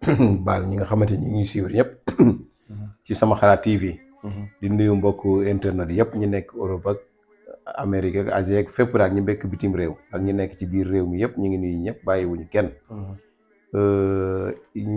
baal ñi nga xamante ni ñuy suivre ñëpp ci sama xalaat TV. Mm-hmm. di nuyu mbokk internet yëpp ñu nekk Europe ak Amérique ak ak fépp daal ñu nekk bitim réew ak ñu nekk ci biir réew mi yëpp ñu ngi nuyu ñëpp bàyyiwuñu kenn. ñi mm-hmm.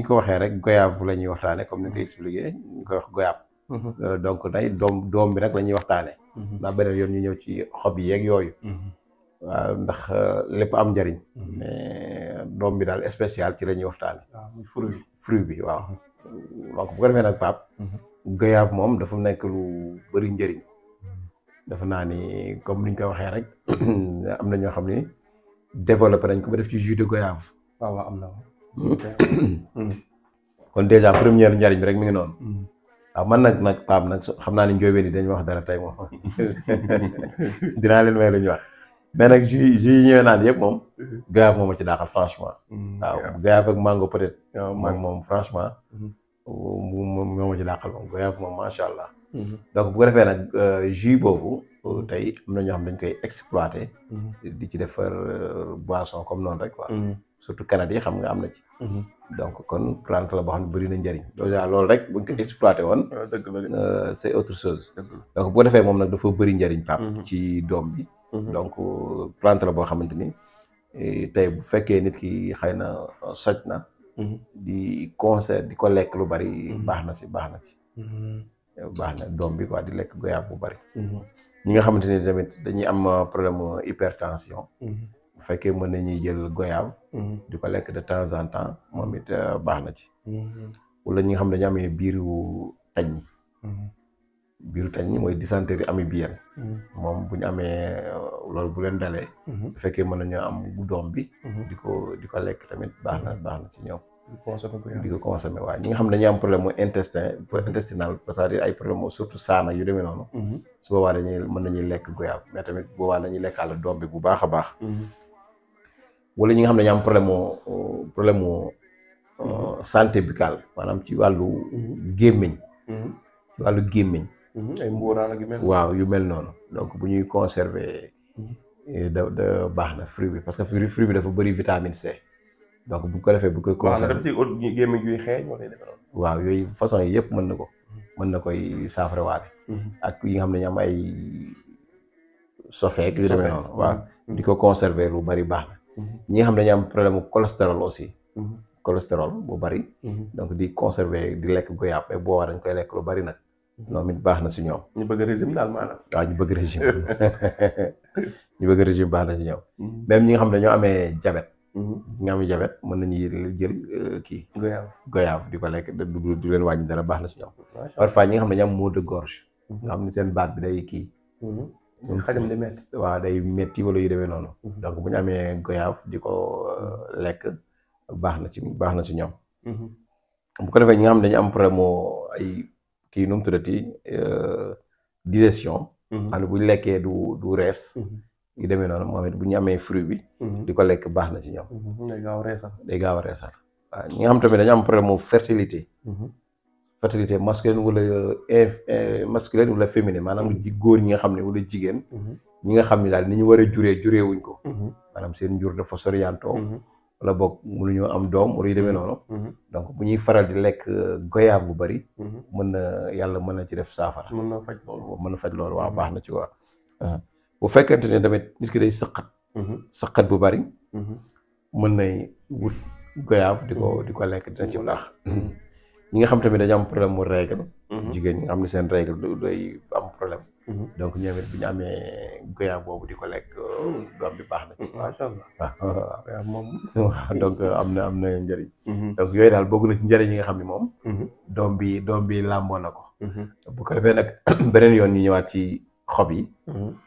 euh, ko waxee rek goyaab la ñuy waxtaane comme ni nga ko expliqué ñu koy wax goyaab. Mm-hmm. Euh, donc day doom doom bi rek la ñuy waxtaane ndax beneen yoon ñu ñëw ci xob yi yooyu. waaw ndax euh, lépp am njariñ mhm. mais doom bi daal spécial ci lañuy ñuy waxtaan bi fruit bi waaw mhm. donc bu ko defee nag pap mhm. goyaab moom dafa nekk lu bëri njëriñ dafa naa ni comme niñ koy waxee rek am na ñoo xam ni développé nañ ko ba def ci jus de am na kon déjà première njariñ bi rek mu ngi noonu waaw man nag nag Pape nag xam naa ni njóobeen yi dañ wax dara tey moom dinaa leen may lu wax mais nag jus jus yi ñëwee naan yëpp moom. Mhm. Garaaf moom ci daaxal franchement. Mhm, waaw Garaaf ak mango peut moom moom franchement. Mhm. moom moom ci daaxal moom Garaaf moom macha allah. Mhm. donc bu ko defee nag euh, jus boobu euh, tey am na ñoo xam dañ koy exploiter. Mhm. di ci defar euh, boison comme noonu rek quoi. Mhm. surtout canadi xam nga am na ci. donc kon plante la boo xam ne bëri na njëriñ. déjà loolu rek buñ exploité woon. dëgg la c'est autre chose. donc bu ko defee moom nag dafa bëri njëriñ ci doom bi. donc plante boo xamante ni tey bu fekkee nit ki xëy na soj na. di conseil di ko lekk lu bari. baax na si baax na ci. baax na doom bi quoi di lekk goyaab bu bari mhm. ñi nga xamante ni tamit dañuy am euh, problème hypertension mhm. bu fekkee mën nañuy jël goyaab mhm. di ko lekk de temps en temps moom it euh, baax na ci wala ñi nga xam ne dañu amee biiru tañ biiru tañ mooy dysenterie amibienne moom bu ñu amee euh, loolu bu leen dalee fekkee mën nañoo am bu doom bi ko di ko lekk tamit baax na baax na ci ñoom di ko consommé waaw ñi nga xam ne dañuy am problème mu intestin intestinal c'est-à-dire ay problème surtout saana yu demee noonu mhm. su boobaa dañuy mën nañuy lekk goyaab mais tamit boobaa dañuy lekkaale doom bi bu baax a baax mhm. wala ñi nga xam ne ñu am problème mu problème mu mhm. euh, santé buccale maanaam ci wàllu gémmiñ ci wàllu gémmiñ ay mbuuraan ak yu mel waaw yu mel noonu donc bu ñuy conserver eh, da da baax na fruit bi parce que fruit bi dafa bëri vitamine C donc bu ko defee bu ko. concerné waaw da ciy gémmiñ yuy xeeñ waaw yooyu façon yi yëpp mën na ko. Mhm. mën na koy saafara mhm. ak yi nga xam ne ñu am ay sofeek yu demee waaw mhm. di ko conserver lu bari baax ñi nga xam ne am problème mu cholestérol aussi. cholestérol bu bari. donc di conserver di lekk goyaab et boobaa dañ koy lekk lu bari nag. moom it baax na si ñoom. ñu bëgg régime daal maanaam. ñu bëgg ñu bëgg régime baax na si ñoom. même ñi xam ne ñoo amee diabète. ñi mm-hmm. nga am jabet mën nañuy jël euh, kii. goyave goyave di ko lekk du du leen wàññi dara baax na si ñoom. parfois ñi nga xam ne ñu am maux de gorge. Mm-hmm. nga xam ne seen baat bi day kii. Mm-hmm. xajam di métti. waaw day métti wala yu demee noonu. donc bu ñu amee goyave di ko euh, lekk baax na ci baax na si ñoom. bu ko defee ñi nga xam ne dañu am problème ay kii nu mu tuddati euh, digestion. xam ne bu ñu lekkee du du rees. yu demee noonu moom it bu ñu amee fruit bi. Mhm. di ko lekk baax na ci ñoom. Mhm. day gaaw a reesal day gaaw a reesal waaw ñi nga xam tamit dañoo am problème mu fertilité. Mhm. fertilité masculine wala euh, euh, masculine wala féminin maanaam ji góor ñi nga xam ne wala jigéen. ñi nga xam ne daal ni ñu war a juree jure wuñ ko. maanaam seen jur dafa soriantoo. wala boog ñu am doom wala yu demee noonu. donc bu ñuy faral di lekk euh, goyaab bu bari. mën na yàlla mën na ci def saafara. mën na faj loolu mën na faj loolu waaw baax na ci waaw. bu fekkente ne tamit nit ki day sëqat mhm. sëqat bu bari mhm. mën nay wut goyaaf di ko di ko lekk dina ci baax mhm. ñi nga xam tamit dañu am problème mu jigéen ñi nga xam ne seen règle du day am problème donc ñoom bu ñu amee goyaab boobu di ko lekk euh, doom bi baax na ci. macha allah waaw moom. waaw donc am na am na njëriñ. donc yooyu daal bokk na ci njëriñ yi nga xam ni moom. doom bi doom bi làmboo na ko. bu ko defee nag beneen yoon ñu ñëwaat ci xob yi.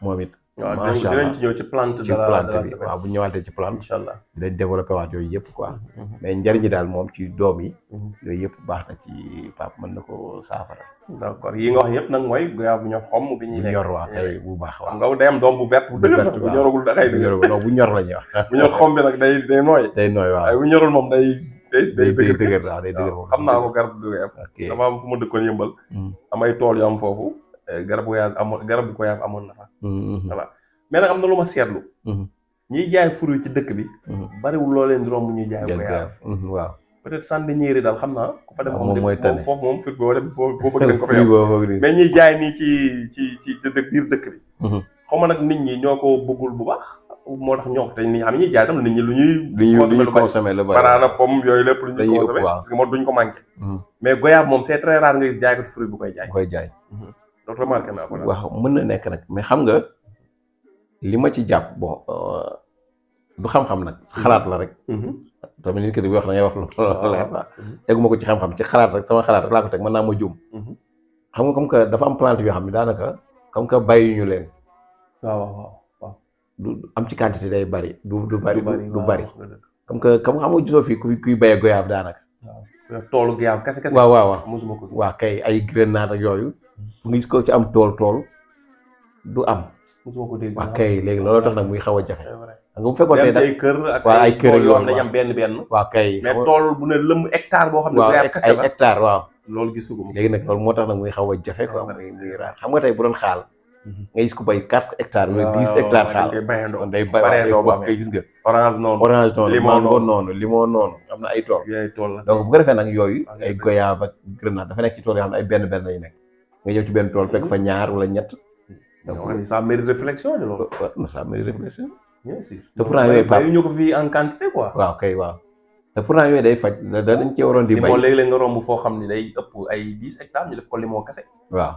moom it waaw dinañ ci ñëw ci plante ci plante bi waaw bu ñëwaatee ci plante incha allah dinañ développé waat yooyu yëpp quoi mhm. mais njariñi daal moom ci doom yi mhm. yooyu yëpp baax na ci pap mën na ko saafara d'accord yi nga wax yëpp nag mooy guyaab bu ñor xomm bi ñuy lekk ñor waa kay bu baax waaw nga day am doom bu vert bu dëgër sax bu ñoragul da kay dëgër non bu ñor la ñuy wax bu ñor xomm bi nag day day nooy day nooy waaw bu ñorul moom day day dëgër waaw day dëgër moom xam naa ko garab dëgër dafa am fu ma dëkkoon yëmbal hmm. am ay tool yu am foofu Eh, garab voyage amoon garab bi amoon na fa. Mm-hmm. voilà am na lu ma seetlu. Mm-hmm. ñiy jaay fruit ci dëkk bi. Mm-hmm. bariwul loo leen di romb ñuy jaay voyage. waaw peut-être sànni ñeeri daal xam naa. ku fa dem ah, moom mooy tane foofu moom fruit boo bëgg dañ ko fa yem. mais ñiy jaay nii ci ci ci biir dëkk bi. xaw ma nag nit ñi ñoo ko bëggul bu baax. moo tax ñoom te nit lu ñuy. consommer yooyu lépp lu ñuy consommer parce duñ ko manqué. mais goyaab moom c'est très rare nga gis jaay ko fruit bu koy jaay. donc remarqué naa waaw mën na nekk nag mais xam nga li ma ci jàpp bon euh, du xam-xam nag mhm. xalaat la rek. Mhm. tamit nit ki di wax na ngay wax lu ah. leer la teguma ko ci xam-xam ci xalaat rek sama xalaat rek laa ko teg mën naa ma juum. Mhm. xam nga comme que dafa am plante yoo xam ne daanaka comme que bàyyi ñu leen. du am ci quantité day bari. du du bari du bari. comme que comme xam nga gisoo fii kuy bayee goyaab daanaka. toolu goyaab kese kese. waaw waaw waaw ko waaw kay ay naa ak yooyu. mu gis ko ci am tool tool du am. mosuma ko dégg waaw kay léegi looloo tax nag muy xaw a jafe. nga bu fekkoon ay kër ak ay kër yoo xam ne am benn benn. waaw tool bu ne lëmm hectare boo xam ne. waaw ay hectare waaw. loolu gisul ko léegi nag loolu moo tax nag muy xaw a jafe quoi muy muy raar nga tey bu doon xaal. Mhm. nga gis ko bay quatre ectare wala dix hectares xaal kon day bay day gis nga. orange noonu orange noonu mango noonu limon noonu am na ay tool. donc bu ko defee nag yooyu. ay goyave ak grenade dafa nekk ci tool yoo xam ne ay benn benn lay nekk nga ñëw ci benn tool fekk fa mhm. ñaar wala ñett. donc ça mérite réflexion oh, oh, de loolu. waaw ça mérite réflexion. bien sûr te pourtant yooyu. ko fi en quantité quoi. waaw kay waaw te pourtant yooyu day faj da dañ cee waroon di. bay limon léeg-léeg nga romb foo xam ne day ëpp ay dix hectares ñu def ko limon kese. waaw.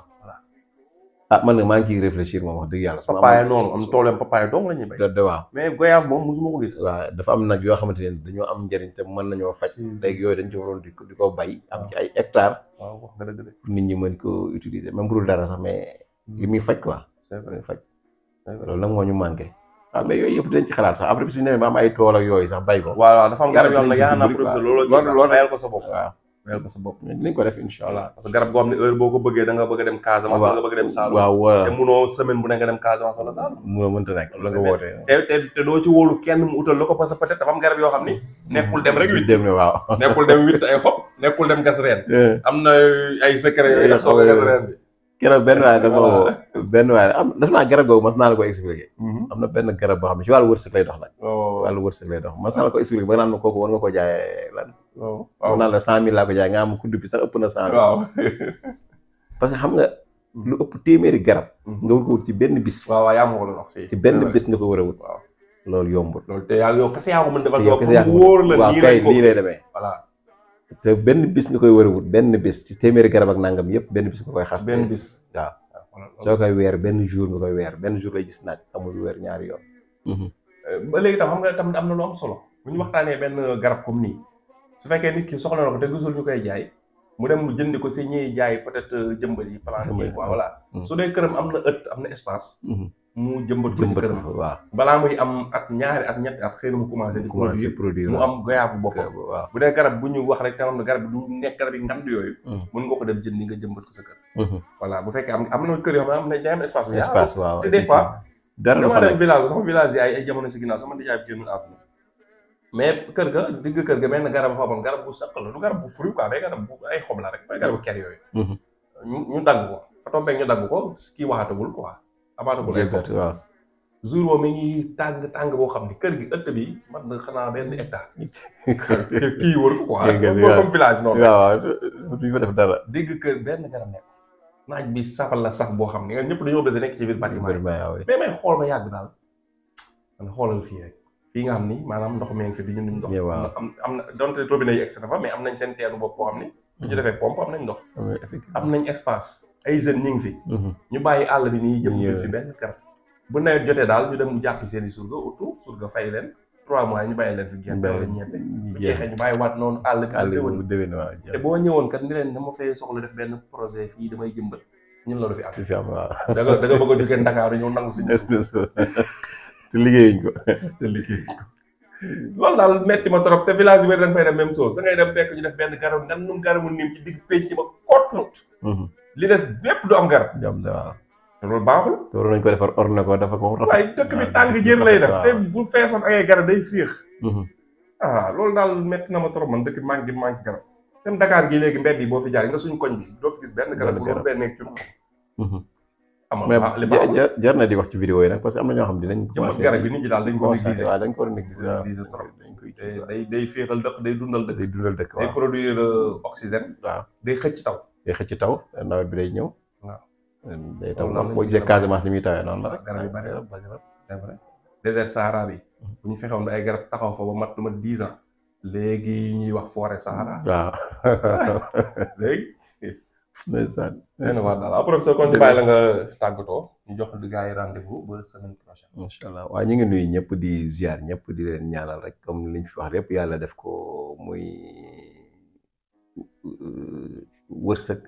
ah man na maa ngi ciy réfléchir moom wax dëgg yàlla. su ma papaye noonu am toolam papaye dong la ñuy béy. dafa am nag yoo xamante ne dañoo am njëriñ mën nañoo faj. léegi yooyu dañ ci waroon di ko di ko bay am ci ay hectares. ñi mën ko utiliser même bu dul sax mais li faj quoi. c'est vrai faj moo ñu manqué. waaw ah, mais yooyu yëpp dañ ci sax tool ak yooyu sax bay ko. waaw waaw dafa am garab yoo xam yaa naan produit ko sa bopp waaw fayal ko sa bopp dinañ ko def incha allah parce que garab goo xam ne heure boo ko bëggee da nga a dem Casamance wala nga bëgg dem Saloum waaw waaw te munoo semaine bu ne nga dem Casamance wala Saloum munoo mënta nekk te doo ci wóolu kenn mu utal la ko parce que peut dafa am garab yoo xam ni nekkul dem rek witt mm, dem waaw nekkul dem witt ay xob nekkul dem gas reen eh. am na ay secret yooyu eh, soo ko eh. gas reen bi keroog benn waaye dafa benn waaye am naa garab googu mas la ko expliqué mhm. am na benn garab boo xam ne ci wàllu wërsëg lay dox nag wàllu wërsëg lay dox mas naa la ko expliqué ko jaayee lan war naa la cent laa ko jaay nga am kudd bi sax ëpp na cent mille parce que xam nga lu ëpp téeméeri garab mhm. nga war ko wut ci benn bis waaw waaw yaa ma ci benn bis nga ko war a wut loolu yombul loolu te yàlla yow kese yaa ko mën defal sa bopp wóor la waaw lay demee te benn bis nga koy war a wut benn bis ci téeméeri garab ak nangam yëpp benn bis nga koy xas. benn bis waaw. soo koy weer benn jour nga koy weer benn jour lay gis naaj amul mhm. euh, ba léegi tam xam nga tam am na lu am solo bu ñu waxtaanee benn garab comme nii su fekkee nit ki soxla na ko te gisul ñu koy jaay mu dem jëndi ko si ñiy jaay peut-être jëmbal yi. jëmbal yi voilà. su dee këram am na ëtt am na espace. Mhm. mu jëmbat ko ci kërëm bala muy am at ñaari at ñet at xëy mu commencé di produire produire mu am gayaabu bu bokk bu dé garab bu ñu wax rek te xam garab du nek garab yi ngand yooyu mën hmm. nga ko dem ni nga jëmbat ko sa kër hmm. voilà bu fekkee am am na kër yo xam ne am na jaay am espace espace waaw té des fois dara fa dem village sama village yi ay jamono ci ginnaw sama nijaay bi gënul àdduna mais kër ga digg kër ga benn garab fa amoon garab bu sakal du garab bu fruit quoi day garab bu ay xom la rek garab garabu ker yooyu hmm. ñu dag ko fa tombe ñu dag ko kii waxaatagul quoi amaatagul ay xob waaw jour moom mi ngi tàng tàng boo xam ne kër gi ëtt bi mat na xanaa benn hectare. kii wër ko quoi. comme village noonu. waaw duñ fa def dara. dégg kër benn garab nekk bi safal la saf boo xam ne ñëpp dañoo bëgg nekk ci biir bâtiment yi. mais yàgg daal man xoolal fii rek. fii nga xam ni maanaam ndox mi ngi fi di ñu ndox. am am na donte robinet yi egg na fa mais am nañ seen teenu bopp boo xam ni. bu ñu mm-hmm. defee pompe am nañ ndox. am nañ espace. ay jeunes ñu ngi fi. Mhm. ñu bàyyi àll bi nii jëm jëm fi benn kër. bu nawet jotee daal ñu dem jàpp seen i surga utu surga fay leen trois mois ñu bàyyi leen fi gerte wala ñebe. bu jeexee ñu bàyyi waat noonu àll. àll bu déwén waaw te boo ñëwoon kat ni leen dama fay soxla def benn projet fii damay jëmbat ñun loolu fi am. fi am waaw da nga da bëgg a jógee Ndakaaru ñëw nangu suñu. te liggéeyuñ ko te liggéeyuñ ko. loolu daal metti ma trop te village yi wér dañ fay def dem fekk ñu def benn li des bepp du am garab. jam waaw. te loolu baaxul. loolu nañ ko defar or na ko dafa ko. rafa waaye dekk bi tang jeen lay def te bu fesson ay garab day féex. ah lol dal met na ma torom man dekk bi maa ngi maa garab. même Dakar gi legi mbeddi bo fi jaar nga suñu koñ bi do fi gis ben garab bu ben nekk ci mais jar na di wax ci video yi nak parce que am na ñoo xam dinañ ci commencé garab bi nit ñi dal dañ ko négliger waaw dañ ko négliger waaw dañ koy day day fexal dekk day dundal dekk day dundal dekk waaw day produire oxygène. waaw day xëcc taw. day xëcc taw nawet bi day ñëw. waaw day taw boo gisee Casamance ni la. garab yu bari la c'est mhm. ñu fexewoon ay garab taxaw fa ba mat lu mat léegi ñuy wax forêt Sahara. waaw léegi. ndeysaan ndeysaan waaw daal ah, professeur kon ñu bàyyi la nga tàggatoo ñu jox di yi rendez-vous ba semaine prochaine. macha ñu ngi nuyu ñëpp di ziar ñëpp di leen ñaanal rek comme li ñu fi wax lépp yàlla def ko muy. Euh, wërsëg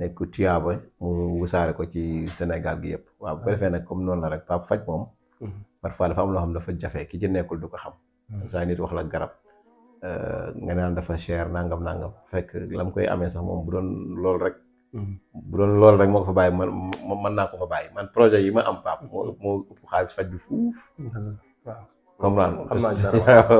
nekk tuyaaba mu wusaare ko ci Sénégal gi yëpp waaw bu ko defee nag comme noonu la rek pap faj moom mhm. parfois dafa am loo xam dafa jafe ki ci nekkul du ko xam saa mhm. nit wax la garab euh, nga naan dafa chair nangam nangam fekk lam koy amee sax moom bu doon lool rek mhm. bu loolu rek moo ko fa bàyyi man mën naa ko fa bàyyi man projet yi ma am pap moo moo xaalis faj bi fuuf comprendre xam naa dara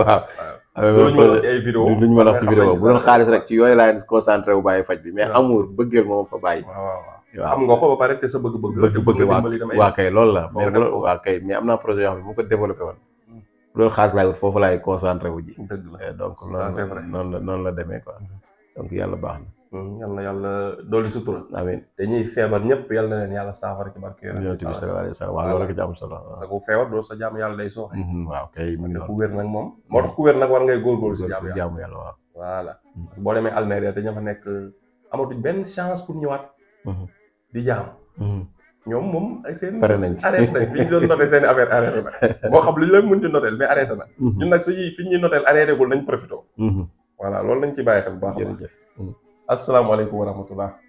a wax ci ay vidéo luñ mën a wax ci vidéo bu doon xaalis rek ci yooyu laa leen concentré wu bàyyi faj bi mais amour bëggeel moo fa bàyyi. waaw xam nga ko ba pare te bëgg-bëgg. bëgg-bëgg waaw waaw kay loolu la. mais waaw kay mais am naa projet yoo bu ko développé woon. Hmm. bu doon xaalis laay wut foofu laay concentré wu ji. dëgg la donc noonu la noonu la demee quoi hmm. donc yàlla baax na. Hmm, yal na yàlla dolli sutura. amiin dañuy feebar ñëpp yal na leen yàlla saafara ci barke yonent bi sallallahu alayhi wa sallam waaw loolu la ci am solo sa ku feebar doo sa jaamu yàlla day sooxe. Hmm, waaw kay mu ngi ku wér nag moom. moo tax ku wér nag war ngay góorgóorlu si jaamu yàlla yàlla waaw. voilà hmm. parce que boo demee Almeria dañoo fa nekk amatuñ benn chance pour ñëwaat. di jaamu. ñoom moom ak seen pare na ci arrêté nañ fi ñu doon noté seen affaire arrêté na moo xam lu ñu leen mën ci noteel mais arrêté na ñun nag suñuy fi ñuy noteel loolu nañ ci bàyyi xel bu baax Assalamu alaikum warahmatullah.